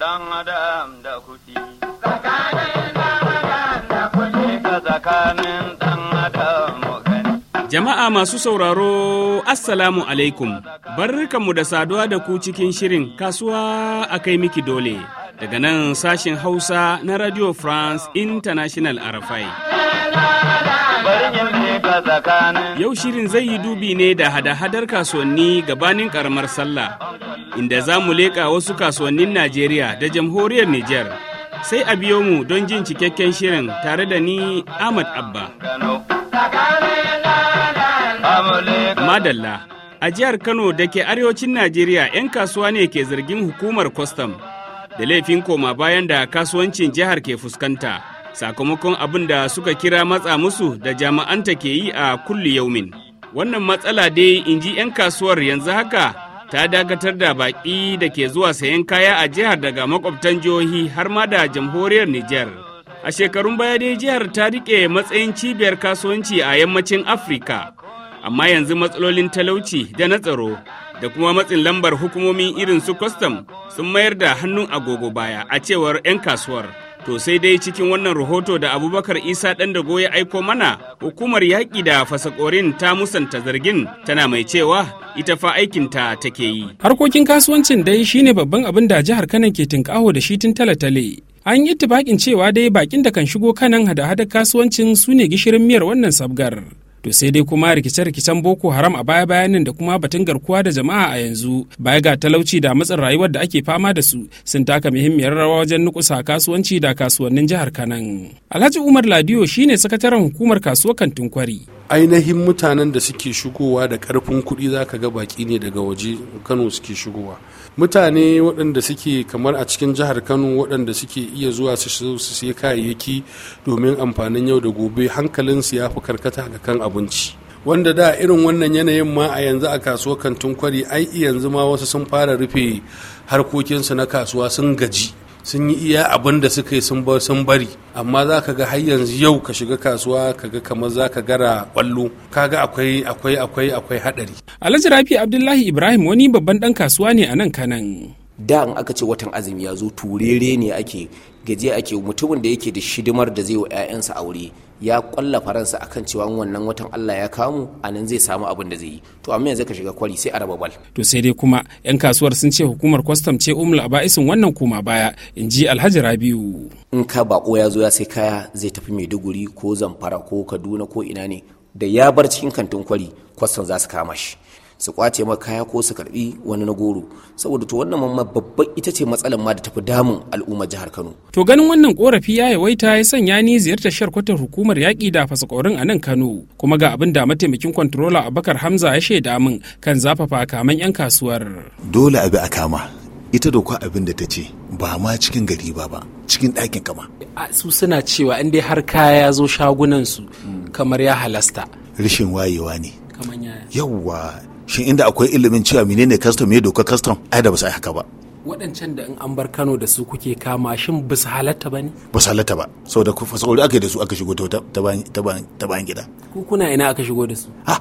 dan adam da kuɗi. Jama'a masu sauraro, Assalamu alaikum, mu da saduwa da ku cikin shirin kasuwa a kai miki dole, daga nan sashin Hausa na Radio France International RFI. ka tsakanin. Yau shirin zai yi dubi ne da hada-hadar kasuwanni gabanin karamar sallah, inda za mu leƙa wasu kasuwannin Najeriya da jamhuriyar Nijar. Sai a biyo mu don jin cikakken shirin tare da ni Ahmad Abba. Madalla, a jihar Kano da ke arewacin Najeriya 'yan kasuwa ne ke zargin hukumar kwastam da laifin koma bayan da kasuwancin jihar ke fuskanta. sakamakon abin da suka kira matsa musu da jami'anta ke yi a kulli yaumin. Wannan matsala dai in ji 'yan kasuwar yanzu haka ta dakatar da baƙi da ke zuwa sayan kaya a jihar daga makwabtan jihohi har ma da jamhuriyar Nijar. A shekarun baya dai jihar ta riƙe matsayin cibiyar kasuwanci a yammacin Afirka, amma yanzu matsalolin talauci da na tsaro da kuma matsin lambar hukumomin irin su kwastam sun mayar da hannun agogo baya a cewar 'yan kasuwar. To sai dai cikin wannan rahoto da Abubakar Isa ɗan da ya aiko mana, hukumar yaƙi da fasakorin ta musanta zargin tana mai cewa ita fa aikinta take yi. Harkokin kasuwancin dai shine babban abin da jihar Kano ke tinkaho da shi tun talatale An yi tubakin cewa dai bakin da kan shigo kanan hada-hadar kasuwancin su ne gishirin miyar wannan sabgar. to sai dai kuma rikice-rikicen boko haram a baya bayan nan da kuma batun garkuwa da jama'a a yanzu baya ga talauci da matsin rayuwar da ake fama da su sun taka muhimmiyar rawa wajen nukusa kasuwanci da kasuwannin jihar kanan alhaji umar ladiyo shine sakataren hukumar kasuwar kantin kwari ainihin mutanen da suke shigowa da karfin kuɗi za ka ga baki ne daga waje kano suke shigowa mutane waɗanda suke kamar a cikin jihar kano waɗanda suke iya zuwa su sai kayayyaki domin amfanin yau da gobe hankalinsu ya fi karkata ga kan abinci wanda da irin wannan yanayin ma a yanzu a kasuwar kantin kwari ai yanzu ma wasu sun fara rufe harkokinsu na kasuwa sun gaji sun yi iya abin da suka yi sun bari amma za ka ga har yanzu yau ka shiga kasuwa ka ga kamar za ka gara kwallo kaga akwai akwai akwai akwai hadari alhaji rafi abdullahi ibrahim wani babban dan kasuwa ne a nan kanan da in aka ce watan azumi ya zo turere ne ake gaje ake mutumin da yake da shidimar da zai wa 'ya'yansa aure ya kwalla faransa akan cewa wannan watan Allah ya kamu a nan zai samu abin da zai yi to amma yanzu ka shiga kwari sai a raba bal to sai dai kuma yan kasuwar sun ce hukumar kwastam ce umul aba'isin wannan kuma baya in ji Alhaji Rabiu in ka bako ya zo ya sai kaya zai tafi Maiduguri ko Zamfara ko Kaduna ko ina ne da ya bar cikin kantin kwari kwastam za su kama shi su kwace maka kaya ko su karbi wani na goro saboda to wannan mamma babban ita ce matsalar ma da tafi damun al'ummar jihar Kano to ganin wannan korafi ya yawaita ya sanya ni ziyartar sharkwatar hukumar yaƙi da fasakorin a nan Kano kuma ga abin da mataimakin controller Abubakar Hamza ya shaida min kan zafafa kaman yan kasuwar dole abi a kama ita doka abin da ta ce ba ma cikin gari ba ba cikin ɗakin kama su suna cewa in dai har kaya ya zo shagunan su hmm. kamar ya halasta rashin wayewa ne yawwa shin inda akwai ilimin cewa menene custom ya doka custom ai da ba yi haka ba waɗancan da in an bar Kano da su kuke kama shin ba su halatta ba ne? Ba su halatta ba, saboda ku fasauri ake da su aka shigo ta bayan gida. Ku kuna ina aka shigo da su? Ha, ah,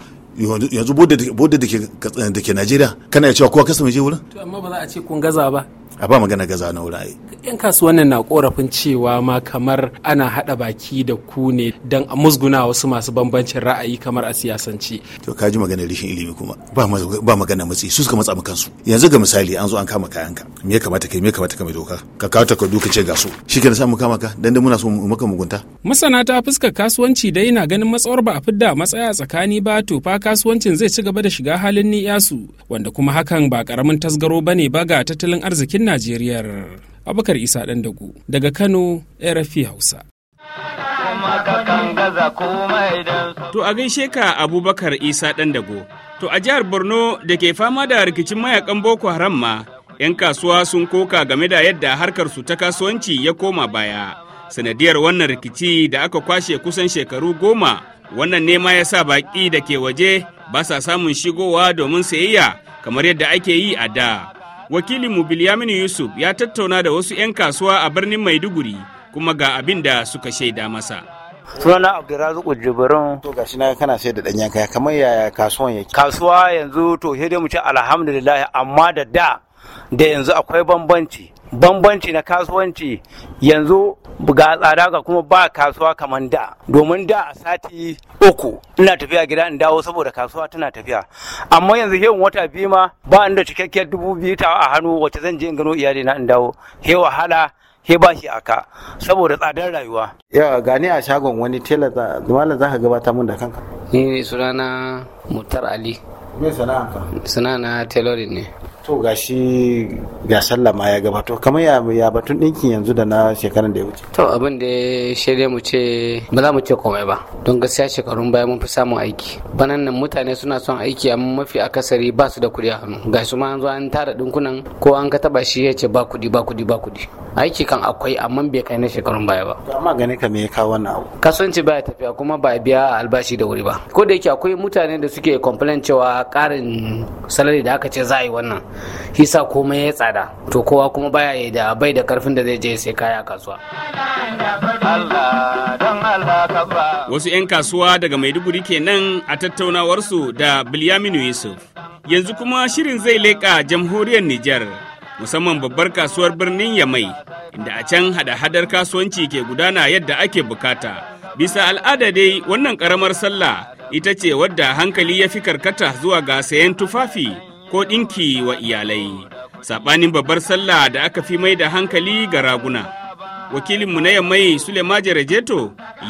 yanzu bodda da ke Najeriya kana cewa kowa kasa mai je wurin? To amma ba za a ce kun gaza ba. a ba magana gaza na wurare. ai yan kasuwannin na korafin cewa ma kamar ana hada baki da ku ne don a musguna wasu masu bambancin ra'ayi kamar a siyasance to ka ji magana rishin ilimi kuma ba magana matsi su suka matsa kansu yanzu ga misali an zo an kama kayanka me ya kamata kai me ya kamata kai doka ka kawo takardu ka ce ga su shi sai mu kama ka dan muna so mu maka mugunta masana ta fuskar kasuwanci dai na ganin matsawar ba a fidda matsaya tsakani ba to fa kasuwancin zai ci gaba da shiga halin ni'yasu wanda kuma hakan ba karamin tasgaro bane ba ga tattalin arzikin Najeriya Abubakar Isa Dandago daga Kano RFI Hausa. To a gaishe ka Abubakar Isa Dandago. To a jihar Borno da ke fama da rikicin mayakan Boko Haram ma, 'yan kasuwa sun koka game da yadda harkar su ta kasuwanci ya koma baya. Sanadiyar wannan rikici da aka kwashe kusan shekaru goma, wannan nema ya sa baƙi da ke waje ba sa samun shigowa domin sayayya kamar yadda ake yi a da. wakilinmu Bilyaminu Yusuf ya tattauna da wasu 'yan kasuwa a birnin Maiduguri kuma ga abin da suka shaida masa. sunana abdulrazuku jibrin to gashi na kana sai da danyen kamar yaya kasuwan yake kasuwa yanzu to sai dai mu ce alhamdulillah amma da da da yanzu akwai bambanci bambanci na kasuwanci yanzu ga tsada ga kuma ba kasuwa kamar da domin da a sati uku ina tafiya gida in dawo saboda kasuwa tana tafiya amma yanzu hewan wata biyu ma ba inda cikakkiyar dubu biyu ta a hannu wacce zan je in gano iyali na in dawo he wahala he ba shi aka saboda tsadar rayuwa yawa gani a shagon wani tela malam zaka gabata mun da kanka ni sunana mutar ali me sana'a ka sunana tailoring ne to shi ga sallama ya gabato kamar ya ya batun dinkin yanzu da na shekaran da ya wuce to abin da shi mu ce ba za mu ce komai ba don gaskiya shekarun baya mun fi samun aiki banan nan mutane suna son aiki amma mafi akasari ba su da kuɗi a hannu su ma an zo an tara dinkunan ko an ka taba shi ya ce ba kudi ba kudi ba kudi. aiki kan akwai amma bai kai na shekarun baya ba amma gane ka me ya kawo wannan abu ci baya tafiya kuma ba biya albashi da wuri ba ko da yake akwai mutane da suke complain cewa karin salari da aka ce za a yi wannan shi sa komai ya tsada to kowa kuma baya da bai da karfin da zai je sai kaya kasuwa wasu 'yan kasuwa daga maiduguri kenan a tattaunawarsu da bilyaminu yusuf yanzu kuma shirin zai leƙa jamhuriyar nijar musamman babbar kasuwar birnin yamai inda a can hada-hadar kasuwanci ke gudana yadda ake bukata bisa al'ada dai wannan ƙaramar sallah ita ce wadda hankali ya fi karkata zuwa ga sayan tufafi ko ɗinki wa iyalai saɓanin babbar sallah da aka fi mai da hankali ga raguna wakilinmu na yammai sulema jerejeto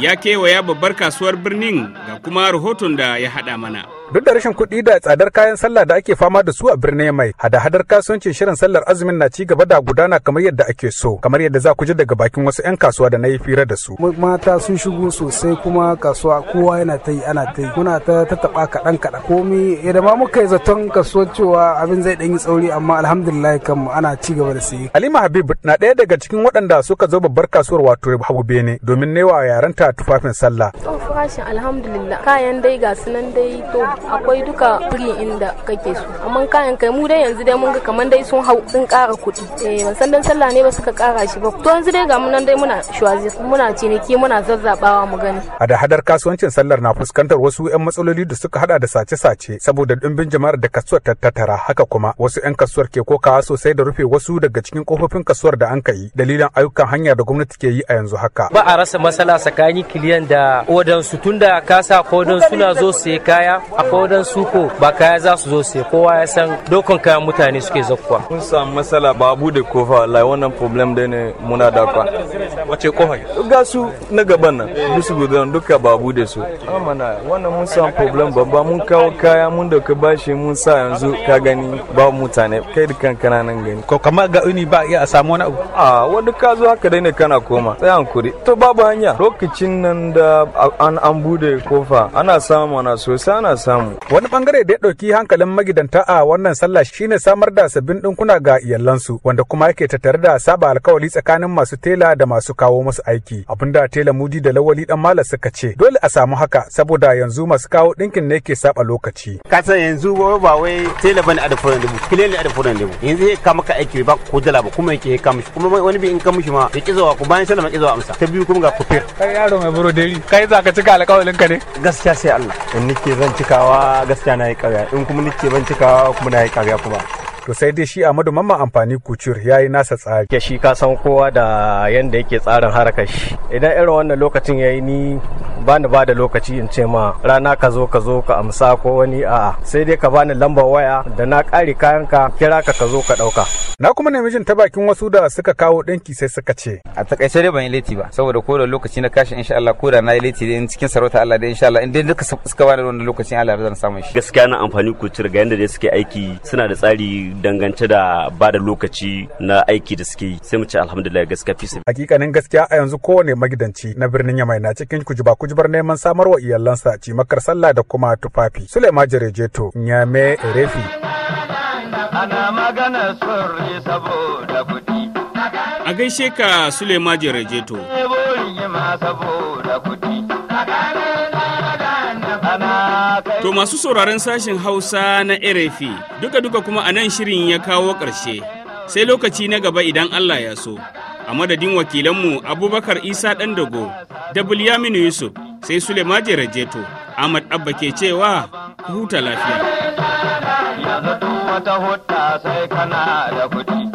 ya kewaya babbar kasuwar birnin ga kuma rahoton da ya haɗa mana duk da rashin kuɗi da tsadar kayan sallah da ake fama da su a birnin mai hada-hadar kasuwancin shirin sallar azumin na ci gaba da gudana kamar yadda ake so kamar yadda za ku ji daga bakin wasu 'yan kasuwa da na yi fira da su mata sun shigo sosai kuma kasuwa kowa yana ta yi ana ta yi muna ta tattaɓa kaɗan kaɗan komi idan ma muka yi zaton kasuwar cewa abin zai ɗan yi tsauri amma alhamdulillah kanmu ana ci gaba da sayi Alima habib na ɗaya daga cikin waɗanda suka zo babbar kasuwar wato habu bene domin newa yaranta ta tufafin sallah to alhamdulillah kayan dai ga dai to akwai duka firi inda kake so amma kayan kai mu dai yanzu dai mun ga kamar dai sun hau sun kara kuɗi eh ban san dan sallah ne ba suka kara shi ba to yanzu dai ga mun nan dai muna shwazi muna ciniki muna zazzabawa mu gani a da hadar kasuwancin sallar na fuskantar wasu yan matsaloli da suka hada da sace-sace saboda dimbin jama'ar da kasuwar tattara haka kuma wasu yan kasuwar ke kokawa sosai da rufe wasu daga cikin kofofin kasuwar da an kai dalilan ayyukan hanya da gwamnati ke yi a yanzu haka ba a rasa matsala tsakanin kiliyan da wadansu tunda kasa kodon suna zo sai kaya a akwai wadan suko ba kaya za su zo sai kowa ya san dokan kayan mutane suke zakkuwa mun samu matsala ba da kofa wallahi wannan problem da ne muna da kwa wace kofa ga su na gaban nan dusu gudan duka ba da su amana wannan mun samu problem babba mun kawo kaya mun da ka bashi mun sa yanzu ka gani ba mutane kai da kan kananan gani ko kamar ga uni ba iya a samu wani abu a wani ka zo haka dai ne kana koma sai kuri. to babu hanya lokacin nan da an an bude kofa ana samu ana sosai ana samu Wani bangare da ya ɗauki hankalin magidanta a wannan sallah shine samar da sabbin ɗinkuna ga iyalansu wanda kuma yake tattare da saba alkawali tsakanin masu tela da masu kawo musu aiki. Abinda tela mudi da lawali dan mala suka ce dole a samu haka saboda yanzu masu kawo ɗinkin ne ke saba lokaci. san yanzu ba wai tela bane a da furan dubu, kilele a da furan dubu. Yanzu ya kama ka aiki ba ko dala ba kuma yake kama shi kuma wani bi in kama shi ma ya zawa ku bayan ƙi zawa amsa. Ta biyu kuma ga kufir. Kai yaro mai buroderi kai za ka cika alkawalin ka ne? Gaskiya sai Allah. In nike zan cikawa kawa gaskiya na yi karya in kuma nake ban cika kuma na yi karya kuma to sai dai shi Ahmadu Mamman amfani kucur ya yi nasa tsari. Ke shi ka san kowa da yanda yake tsarin harkar shi. Idan irin wannan lokacin ya yi ni ba ni ba da lokaci in ce ma rana ka zo ka zo ka amsa ko wani a'a sai dai ka bani lambar waya da na ƙare kayan ka kira ka ka zo ka ɗauka. Na kuma nemi jin ta bakin wasu da suka kawo ɗinki sai suka ce. A takaice dai ban yi leti ba saboda ko da lokaci na kashi insha Allah ko da na yi laifi in cikin sarauta Allah da insha Allah in dai duka suka bani wannan lokacin Allah zan samu shi. Gaskiya na amfani kucur ga yanda dai suke aiki suna da tsari dangance da ba da lokaci na aiki da suke yi sai mu ce alhamdulillah gaskiya fi hakikanin gaskiya a yanzu kowane magidanci na birnin yamai na cikin kujuba kujibar neman samarwa iyalansa cimakar sallah da kuma tufafi sulema jarejeto nyame erefi ana magana sirri saboda kudi. a gaishe ka sulema jarejeto To masu sauraron sashen Hausa na RFI duka-duka kuma a nan shirin ya kawo ƙarshe sai lokaci na gaba idan Allah ya so. A madadin wakilanmu Abubakar Isa Ɗandago da Bulyaminu Yusuf sai Sulema Jerejeto Ahmad Abba ke cewa huta lafiya. Yanzu wata sai kana da kuɗi.